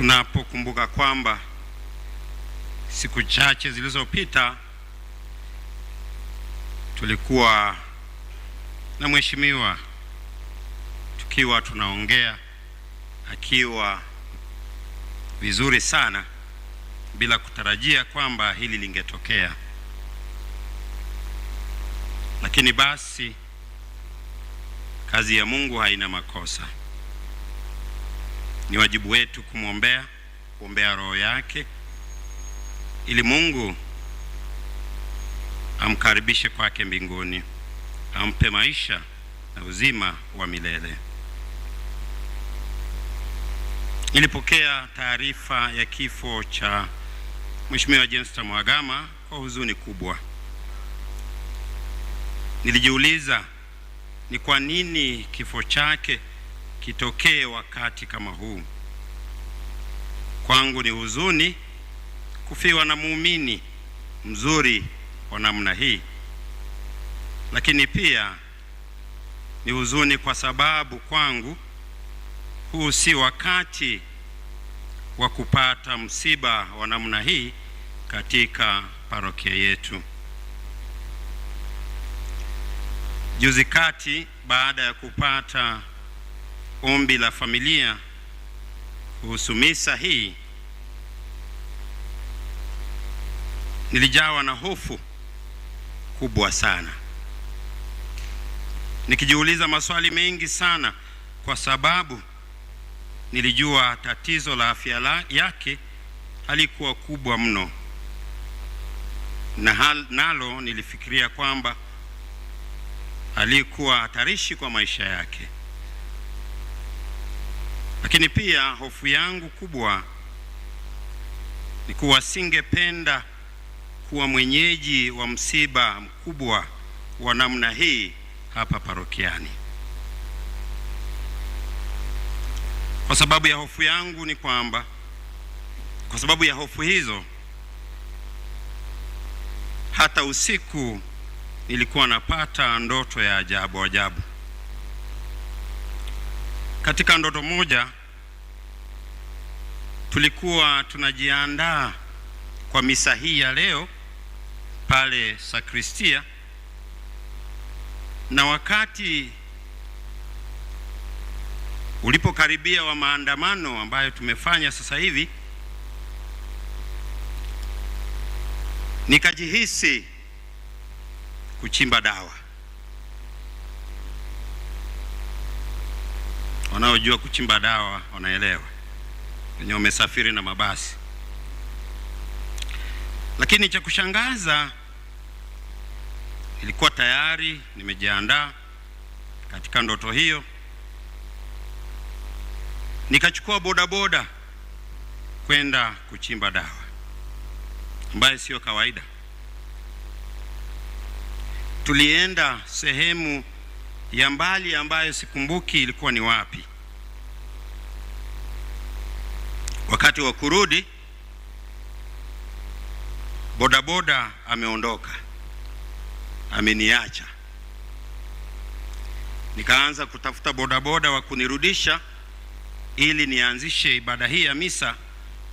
tunapokumbuka kwamba siku chache zilizopita tulikuwa na mheshimiwa tukiwa tunaongea akiwa vizuri sana bila kutarajia kwamba hili lingetokea, lakini basi kazi ya Mungu haina makosa. Ni wajibu wetu kumwombea, kuombea roho yake ili Mungu amkaribishe kwake mbinguni, ampe maisha na uzima wa milele. Nilipokea taarifa ya kifo cha Mheshimiwa Jenista Mhagama kwa huzuni kubwa. Nilijiuliza ni kwa nini kifo chake kitokee wakati kama huu. Kwangu ni huzuni kufiwa na muumini mzuri wa namna hii, lakini pia ni huzuni kwa sababu kwangu huu si wakati wa kupata msiba wa namna hii katika parokia yetu. Juzi kati baada ya kupata ombi la familia kuhusu misa hii, nilijawa na hofu kubwa sana, nikijiuliza maswali mengi sana, kwa sababu nilijua tatizo la afya yake halikuwa kubwa mno, na hal, nalo nilifikiria kwamba alikuwa hatarishi kwa maisha yake. Lakini pia hofu yangu kubwa ni kuwa singependa kuwa mwenyeji wa msiba mkubwa wa namna hii hapa parokiani. Kwa sababu ya hofu yangu ni kwamba, kwa sababu ya hofu hizo, hata usiku nilikuwa napata ndoto ya ajabu ajabu. Katika ndoto moja tulikuwa tunajiandaa kwa misa hii ya leo pale sakristia, na wakati ulipokaribia wa maandamano ambayo tumefanya sasa hivi, nikajihisi kuchimba dawa wanaojua kuchimba dawa wanaelewa, wenye wamesafiri na mabasi. Lakini cha kushangaza, nilikuwa tayari nimejiandaa katika ndoto hiyo, nikachukua bodaboda kwenda kuchimba dawa ambayo siyo kawaida. Tulienda sehemu ya mbali ambayo sikumbuki ilikuwa ni wapi, wakati wa kurudi bodaboda ameondoka, ameniacha. Nikaanza kutafuta bodaboda wa kunirudisha ili nianzishe ibada hii ya misa,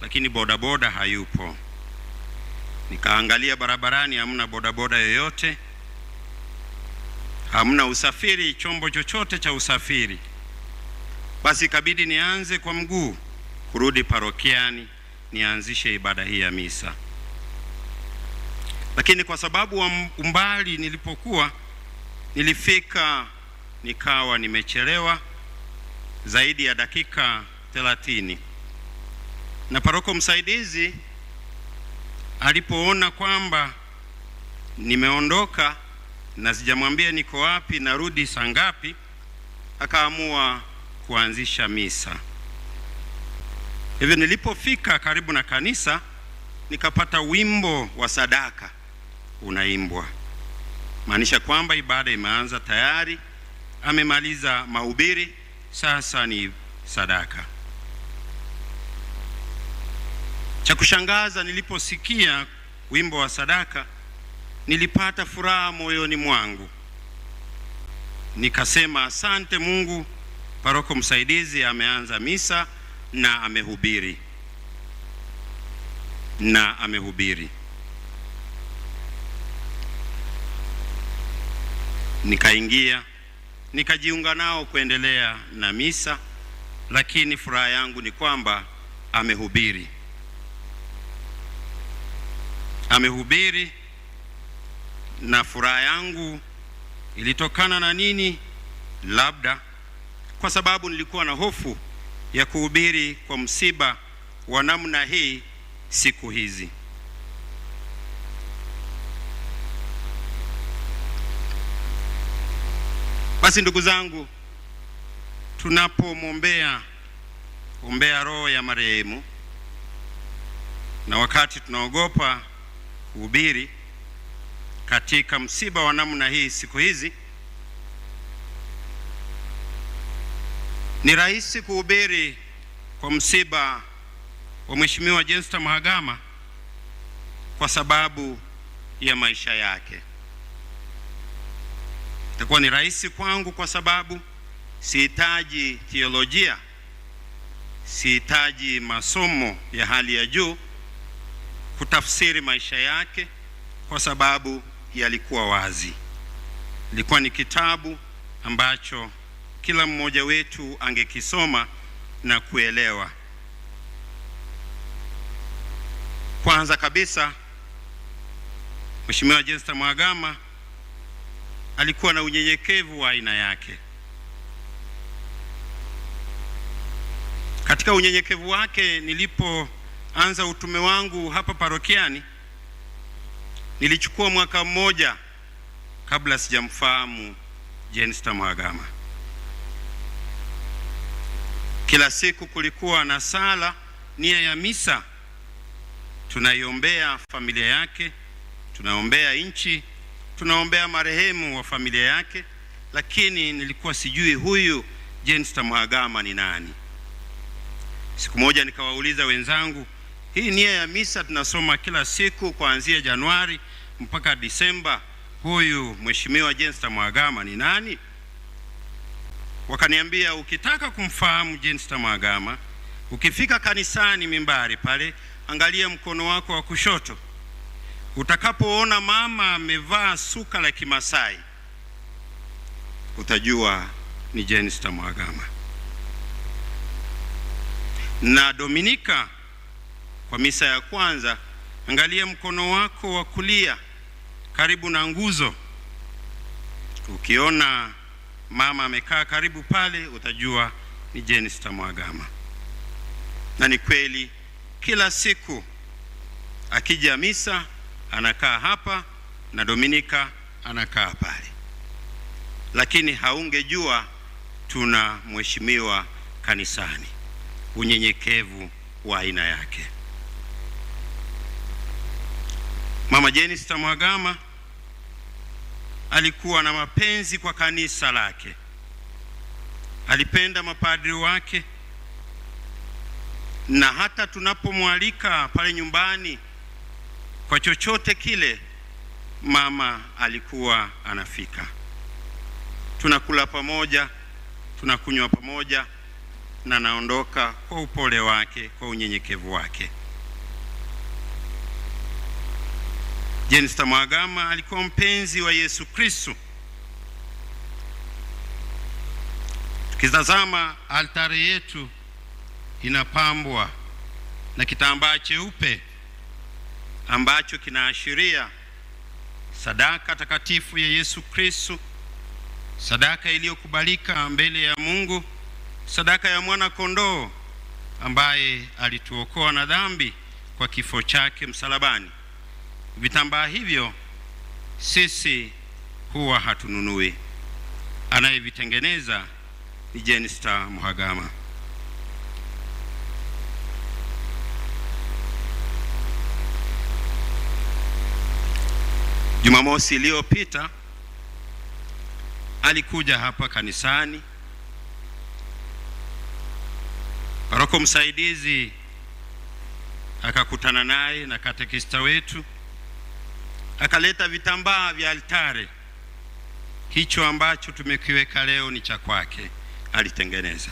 lakini bodaboda hayupo. Nikaangalia barabarani, hamna bodaboda yoyote, hamna usafiri, chombo chochote cha usafiri. Basi ikabidi nianze kwa mguu kurudi parokiani nianzishe ibada hii ya misa, lakini kwa sababu wa umbali nilipokuwa nilifika nikawa nimechelewa zaidi ya dakika 30 na paroko msaidizi alipoona kwamba nimeondoka na sijamwambia niko wapi narudi saa ngapi, akaamua kuanzisha misa. Hivyo nilipofika karibu na kanisa nikapata wimbo wa sadaka unaimbwa, maanisha kwamba ibada imeanza tayari, amemaliza mahubiri, sasa ni sadaka. Cha kushangaza, niliposikia wimbo wa sadaka nilipata furaha moyoni mwangu, nikasema asante Mungu, paroko msaidizi ameanza misa na amehubiri na amehubiri. Nikaingia nikajiunga nao kuendelea na misa, lakini furaha yangu ni kwamba amehubiri, amehubiri. Na furaha yangu ilitokana na nini? Labda kwa sababu nilikuwa na hofu ya kuhubiri kwa msiba wa namna hii siku hizi. Basi ndugu zangu, tunapomwombea ombea roho ya marehemu, na wakati tunaogopa kuhubiri katika msiba wa namna hii siku hizi Ni rahisi kuhubiri kwa msiba wa Mheshimiwa Jenista Mhagama kwa sababu ya maisha yake. Itakuwa ni rahisi kwangu kwa sababu sihitaji teolojia, sihitaji masomo ya hali ya juu kutafsiri maisha yake kwa sababu yalikuwa wazi. Ilikuwa ni kitabu ambacho kila mmoja wetu angekisoma na kuelewa. Kwanza kabisa, Mheshimiwa Jenista Mhagama alikuwa na unyenyekevu wa aina yake. Katika unyenyekevu wake, nilipoanza utume wangu hapa parokiani, nilichukua mwaka mmoja kabla sijamfahamu Jenista Mhagama. Kila siku kulikuwa na sala nia ya misa, tunaiombea familia yake, tunaombea nchi, tunaombea marehemu wa familia yake. Lakini nilikuwa sijui huyu Jenista Mhagama ni nani. Siku moja nikawauliza wenzangu, hii nia ya misa tunasoma kila siku kuanzia Januari mpaka Disemba, huyu mheshimiwa Jenista Mhagama ni nani? wakaniambia ukitaka kumfahamu Jenista Mhagama, ukifika kanisani mimbari pale, angalia mkono wako wa kushoto, utakapoona mama amevaa suka la Kimasai utajua ni Jenista Mhagama. Na Dominika kwa misa ya kwanza, angalia mkono wako wa kulia karibu na nguzo, ukiona mama amekaa karibu pale, utajua ni Jenista Mhagama. Na ni kweli, kila siku akija misa anakaa hapa na Dominika anakaa pale, lakini haungejua tuna mheshimiwa kanisani, unyenyekevu wa aina yake. Mama Jenista Mhagama alikuwa na mapenzi kwa kanisa lake, alipenda mapadri wake, na hata tunapomwalika pale nyumbani kwa chochote kile, mama alikuwa anafika. Tunakula pamoja, tunakunywa pamoja, na naondoka kwa upole wake, kwa unyenyekevu wake. Jenista Mhagama alikuwa mpenzi wa Yesu Kristo. Tukitazama altari yetu inapambwa na kitambaa cheupe ambacho kinaashiria sadaka takatifu ya Yesu Kristo, sadaka iliyokubalika mbele ya Mungu, sadaka ya mwana kondoo ambaye alituokoa na dhambi kwa kifo chake msalabani. Vitambaa hivyo sisi huwa hatununui, anayevitengeneza ni Jenista Mhagama. Jumamosi iliyopita alikuja hapa kanisani paroko msaidizi, akakutana naye na katekista wetu Akaleta vitambaa vya altare, hicho ambacho tumekiweka leo ni cha kwake, alitengeneza.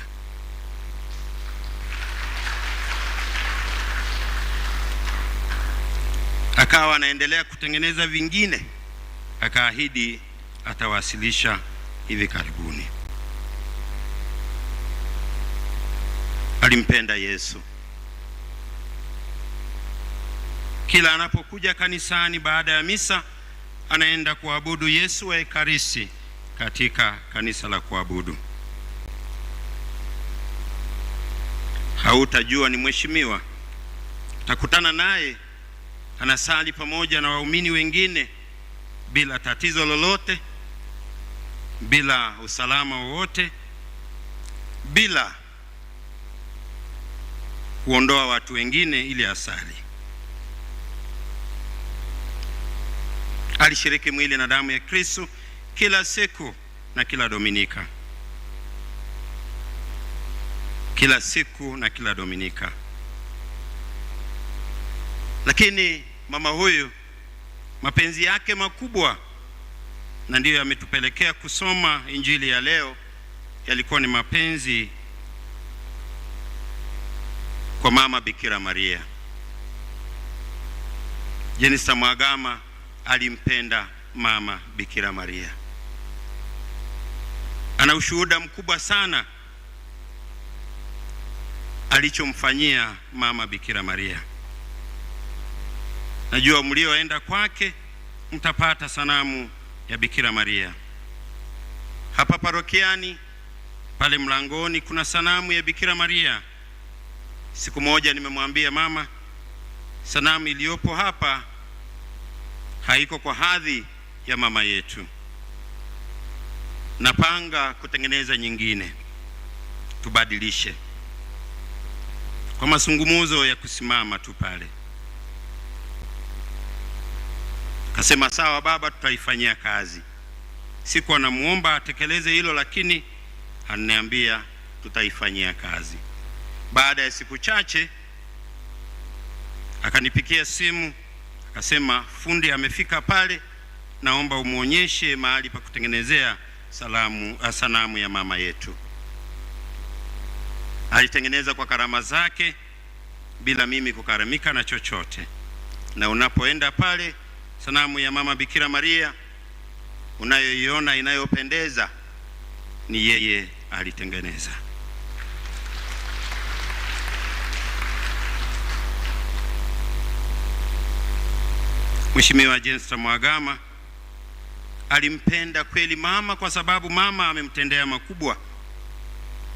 Akawa anaendelea kutengeneza vingine, akaahidi atawasilisha hivi karibuni. Alimpenda Yesu. Kila anapokuja kanisani baada ya misa, anaenda kuabudu Yesu wa Ekaristi katika kanisa la kuabudu. Hautajua ni mheshimiwa, utakutana naye anasali pamoja na waumini wengine bila tatizo lolote, bila usalama wowote, bila kuondoa watu wengine ili asali. Alishiriki mwili na damu ya Kristo kila siku na kila dominika, kila siku na kila dominika. Lakini mama huyu mapenzi yake makubwa, na ndiyo yametupelekea kusoma injili ya leo, yalikuwa ni mapenzi kwa mama Bikira Maria. Jenista Mwagama alimpenda mama Bikira Maria. Ana ushuhuda mkubwa sana alichomfanyia mama Bikira Maria. Najua mlioenda kwake mtapata sanamu ya Bikira Maria hapa parokiani pale mlangoni kuna sanamu ya Bikira Maria. Siku moja nimemwambia mama, sanamu iliyopo hapa haiko kwa hadhi ya mama yetu. Napanga kutengeneza nyingine, tubadilishe kwa mazungumzo ya kusimama tu pale. Kasema sawa baba, tutaifanyia kazi. siku anamwomba atekeleze hilo, lakini aniambia tutaifanyia kazi. Baada ya siku chache akanipikia simu Akasema, fundi amefika pale, naomba umwonyeshe mahali pa kutengenezea salamu, ah, sanamu ya mama yetu. Alitengeneza kwa karama zake bila mimi kukaramika na chochote, na unapoenda pale sanamu ya mama Bikira Maria unayoiona inayopendeza ni yeye alitengeneza. Mheshimiwa Jenista Mhagama alimpenda kweli mama kwa sababu mama amemtendea makubwa.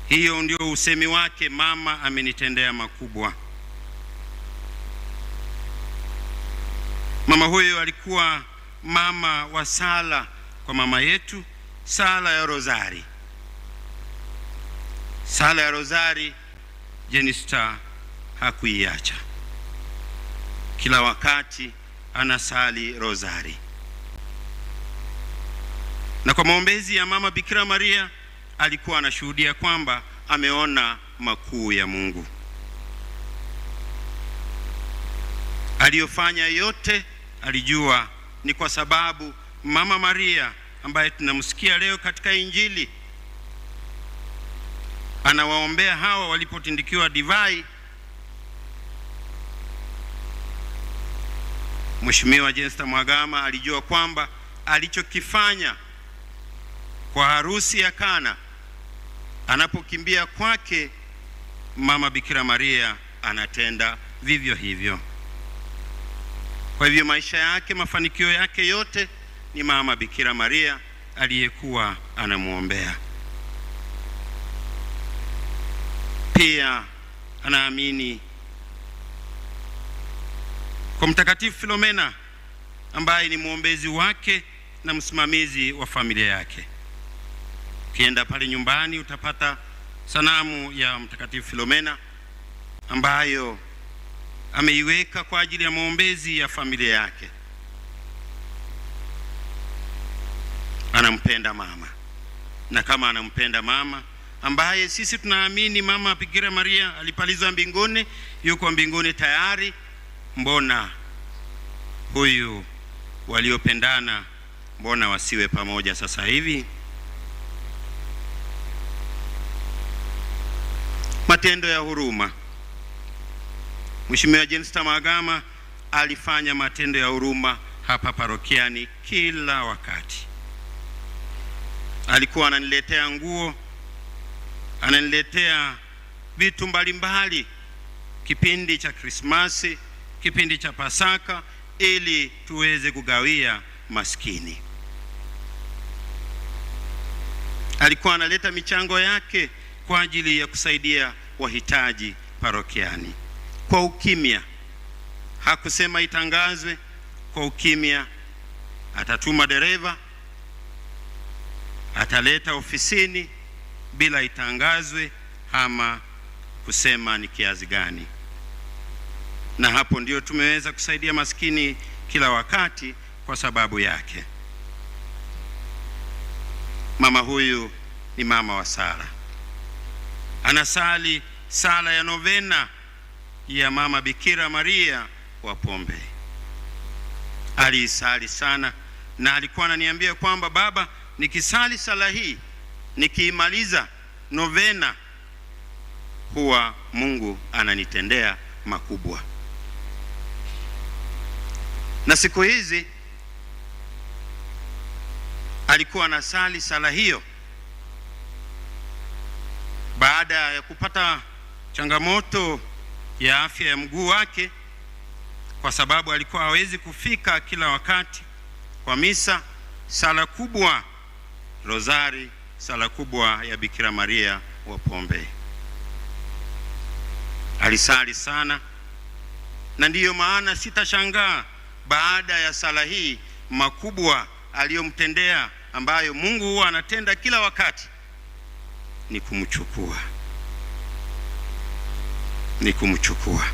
Hiyo ndio usemi wake, mama amenitendea makubwa. Mama huyo alikuwa mama wa sala kwa mama yetu, sala ya Rozari. Sala ya Rozari Jenista hakuiacha, kila wakati anasali rosari. Na kwa maombezi ya mama Bikira Maria alikuwa anashuhudia kwamba ameona makuu ya Mungu aliyofanya yote alijua ni kwa sababu mama Maria ambaye tunamsikia leo katika Injili anawaombea hawa walipotindikiwa divai. Mheshimiwa Jenista Mhagama alijua kwamba alichokifanya kwa harusi ya Kana, anapokimbia kwake mama Bikira Maria anatenda vivyo hivyo. Kwa hivyo maisha yake, mafanikio yake yote ni mama Bikira Maria aliyekuwa anamwombea. Pia anaamini kwa Mtakatifu Filomena ambaye ni mwombezi wake na msimamizi wa familia yake. Ukienda pale nyumbani utapata sanamu ya Mtakatifu Filomena ambayo ameiweka kwa ajili ya maombezi ya familia yake. Anampenda mama, na kama anampenda mama ambaye sisi tunaamini mama Bikira Maria alipalizwa mbinguni, yuko mbinguni tayari mbona huyu waliopendana mbona wasiwe pamoja sasa hivi? Matendo ya huruma. Mheshimiwa Jenista Magama alifanya matendo ya huruma hapa parokiani kila wakati. Alikuwa ananiletea nguo, ananiletea vitu mbalimbali kipindi cha Krismasi kipindi cha Pasaka ili tuweze kugawia maskini. Alikuwa analeta michango yake kwa ajili ya kusaidia wahitaji parokiani kwa ukimya. Hakusema itangazwe, kwa ukimya. Atatuma dereva, ataleta ofisini bila itangazwe ama kusema ni kiasi gani na hapo ndio tumeweza kusaidia maskini kila wakati kwa sababu yake. Mama huyu ni mama wa sala, anasali sala ya novena ya Mama Bikira Maria wa Pombe. Aliisali sana na alikuwa ananiambia kwamba baba, nikisali sala hii nikiimaliza novena huwa Mungu ananitendea makubwa na siku hizi alikuwa anasali sala hiyo baada ya kupata changamoto ya afya ya mguu wake, kwa sababu alikuwa hawezi kufika kila wakati kwa misa, sala kubwa rozari, sala kubwa ya Bikira Maria wa Pombe. Alisali sana, na ndiyo maana sitashangaa baada ya sala hii makubwa aliyomtendea ambayo Mungu huwa anatenda kila wakati ni kumchukua, ni kumchukua.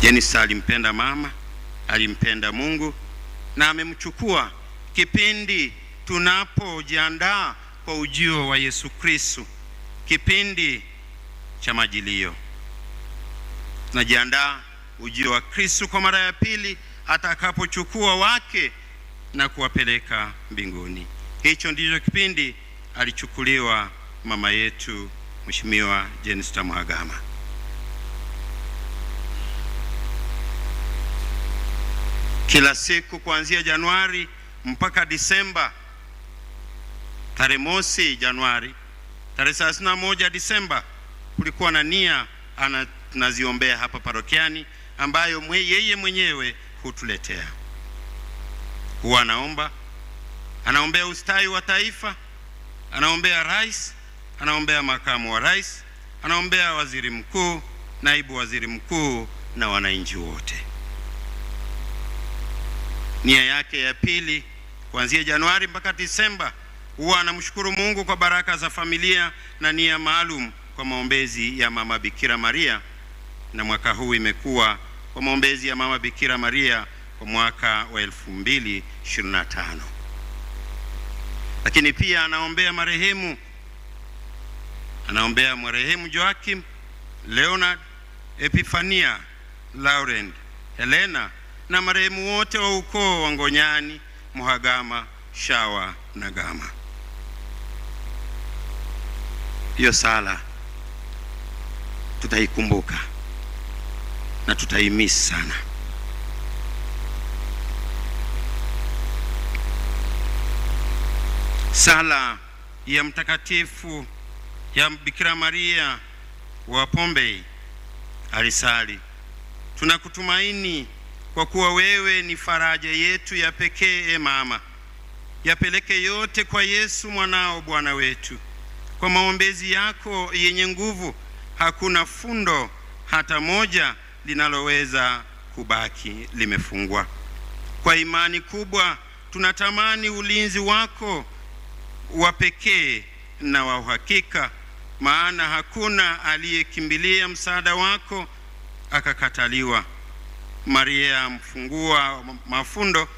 Jenisa alimpenda mama, alimpenda Mungu na amemchukua. Kipindi tunapojiandaa kwa ujio wa Yesu Kristo, kipindi cha Majilio. Tunajiandaa ujio wa Kristo kwa mara ya pili atakapochukua wake na kuwapeleka mbinguni. Hicho ndicho kipindi alichukuliwa mama yetu Mheshimiwa Jenista Mhagama. Kila siku kuanzia Januari mpaka Disemba, tarehe mosi Januari, tarehe 31 Disemba kulikuwa na nia anaziombea hapa parokiani ambayo mwe, yeye mwenyewe hutuletea. Huwa anaomba anaombea ustawi wa taifa, anaombea rais, anaombea makamu wa rais, anaombea waziri mkuu, naibu waziri mkuu na wananchi wote. Nia yake ya pili, kuanzia Januari mpaka Disemba, huwa anamshukuru Mungu kwa baraka za familia na nia maalum kwa maombezi ya Mama Bikira Maria, na mwaka huu imekuwa kwa maombezi ya Mama Bikira Maria kwa mwaka wa 2025. Lakini pia anaombea marehemu anaombea marehemu Joachim Leonard Epifania Laurent Helena na marehemu wote wa ukoo wa Ngonyani, Mhagama, Shawa na Gama. Hiyo sala tutaikumbuka na tutaimisi sana. Sala ya mtakatifu ya Bikira Maria wa Pompei alisali, tunakutumaini kwa kuwa wewe ni faraja yetu ya pekee. E mama, yapeleke yote kwa Yesu mwanao Bwana wetu. Kwa maombezi yako yenye nguvu hakuna fundo hata moja linaloweza kubaki limefungwa. Kwa imani kubwa tunatamani ulinzi wako wa pekee na wa uhakika, maana hakuna aliyekimbilia msaada wako akakataliwa. Maria mfungua mafundo,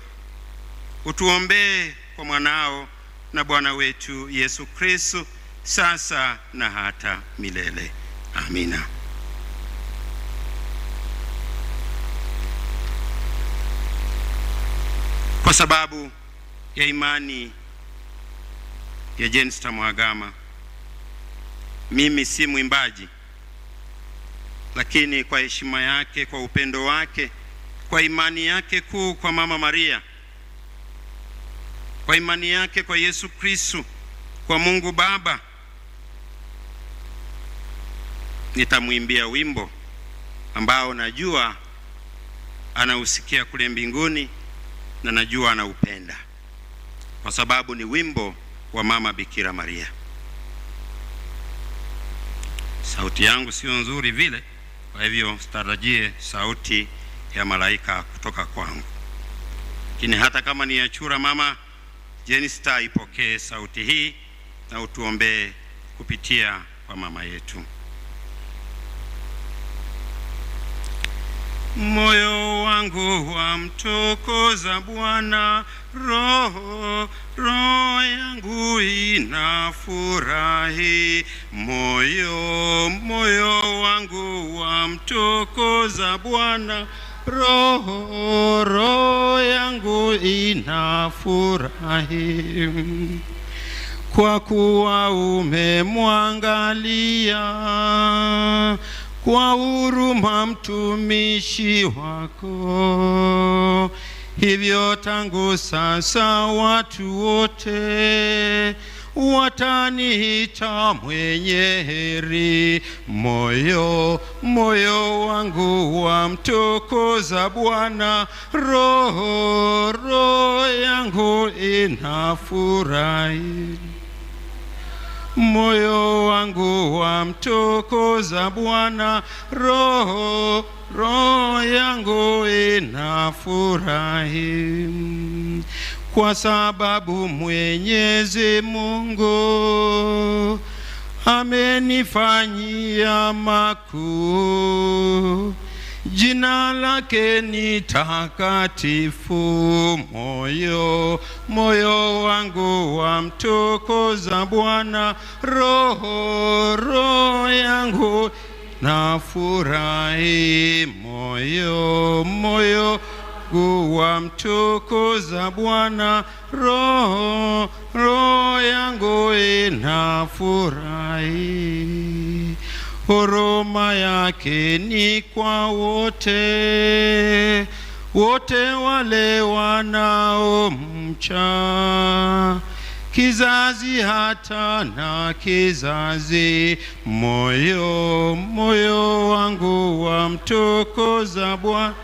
utuombee kwa mwanao na Bwana wetu Yesu Kristo, sasa na hata milele. Amina. Kwa sababu ya imani ya Jenista Mhagama, mimi si mwimbaji, lakini kwa heshima yake, kwa upendo wake, kwa imani yake kuu kwa Mama Maria, kwa imani yake kwa Yesu Kristo, kwa Mungu Baba nitamwimbia wimbo ambao najua anausikia kule mbinguni na najua anaupenda kwa sababu ni wimbo wa mama Bikira Maria. Sauti yangu sio nzuri vile, kwa hivyo sitarajie sauti ya malaika kutoka kwangu, lakini hata kama ni achura, mama Jenista, ipokee sauti hii na utuombee kupitia kwa mama yetu. Moyo wangu wamtukuza Bwana, roho roho yangu inafurahi. Moyo moyo wangu wamtukuza Bwana, roho roho yangu inafurahi. Kwa kuwa umemwangalia kwa huruma mtumishi wako. Hivyo tangu sasa watu wote wataniita mwenye heri, moyo moyo wangu wamtukuza Bwana, roho roho yangu inafurahi moyo wangu wamtukuza Bwana, roho roho yangu inafurahi kwa sababu Mwenyezi Mungu amenifanyia makuu. Jina lake ni takatifu, moyo moyo wangu wamtukuza Bwana, roho roho yangu na furahi moyo moyo wangu wamtukuza Bwana, roho roho yangu ina furahi Huruma yake ni kwa wote, wote wale wanaomcha, kizazi hata na kizazi. Moyo moyo wangu wamtukuza Bwana,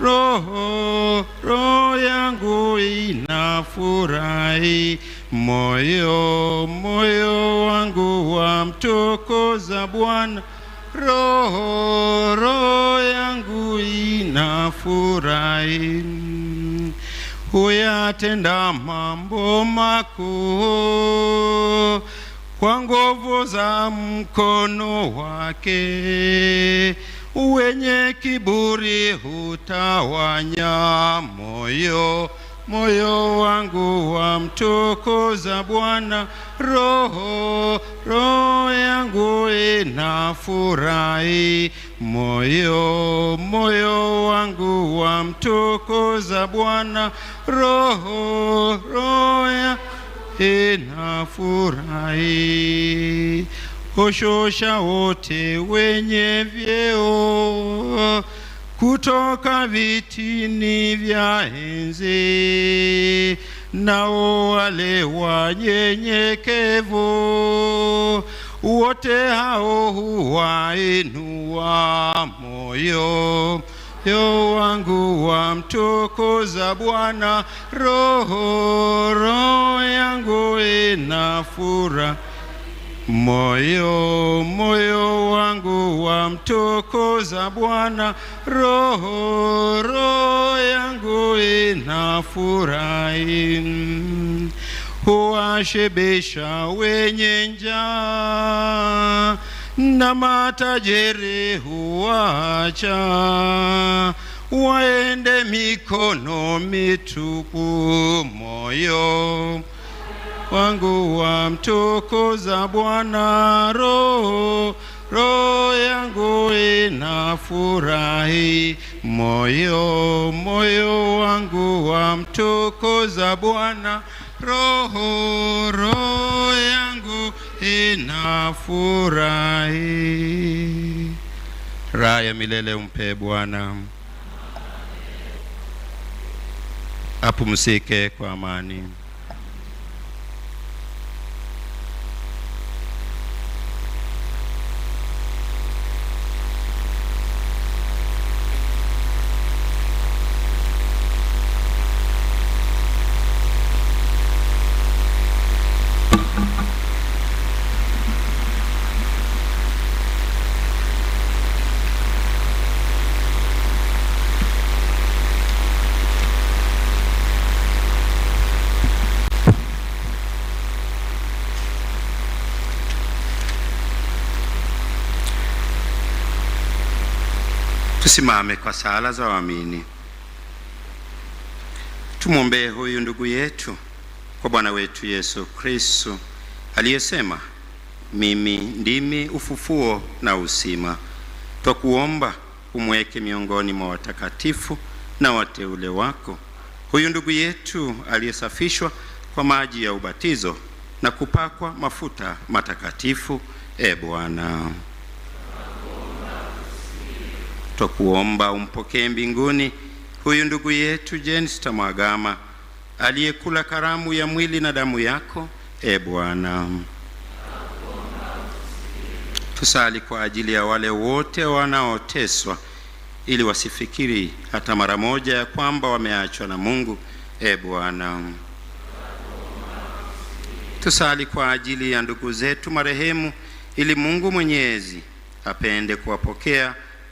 roho roho yangu inafurahi Moyo moyo wangu wamtukuza Bwana, roho roho yangu inafurahi. Huyatenda mambo makuu kwa nguvu za mkono wake, wenye kiburi hutawanya moyo Moyo wangu wamtukuza Bwana, roho roho yangu inafurahi. Moyo moyo wangu wamtukuza Bwana, roho roho yangu inafurahi. Ushusha wote wenye vyeo kutoka vitini vya enzi, nao wale wanyenyekevu wote hao huwainua moyo yo wangu wamtukuza Bwana, roho roho yangu ina furaha Moyo moyo wangu wamtukuza Bwana, roho roho yangu inafurahi. Huwashibisha wenye njaa na matajiri huwacha waende mikono mitupu. Moyo wangu wamtukuza Bwana. Roho roho yangu inafurahi, moyo moyo wangu wamtukuza Bwana. Roho roho yangu inafurahi. Raha ya milele umpe Bwana. Apumzike kwa amani. Tusimame kwa sala za waamini. Tumwombee huyu ndugu yetu kwa Bwana wetu Yesu Kristo aliyesema, mimi ndimi ufufuo na uzima. Twakuomba umweke miongoni mwa watakatifu na wateule wako huyu ndugu yetu aliyesafishwa kwa maji ya ubatizo na kupakwa mafuta matakatifu. E Bwana twakuomba umpokee mbinguni huyu ndugu yetu Jenista Mhagama aliyekula karamu ya mwili na damu yako. E Bwana, tusali kwa ajili ya wale wote wanaoteswa, ili wasifikiri hata mara moja ya kwamba wameachwa na Mungu. E Bwana, tusali kwa ajili ya ndugu zetu marehemu, ili Mungu Mwenyezi apende kuwapokea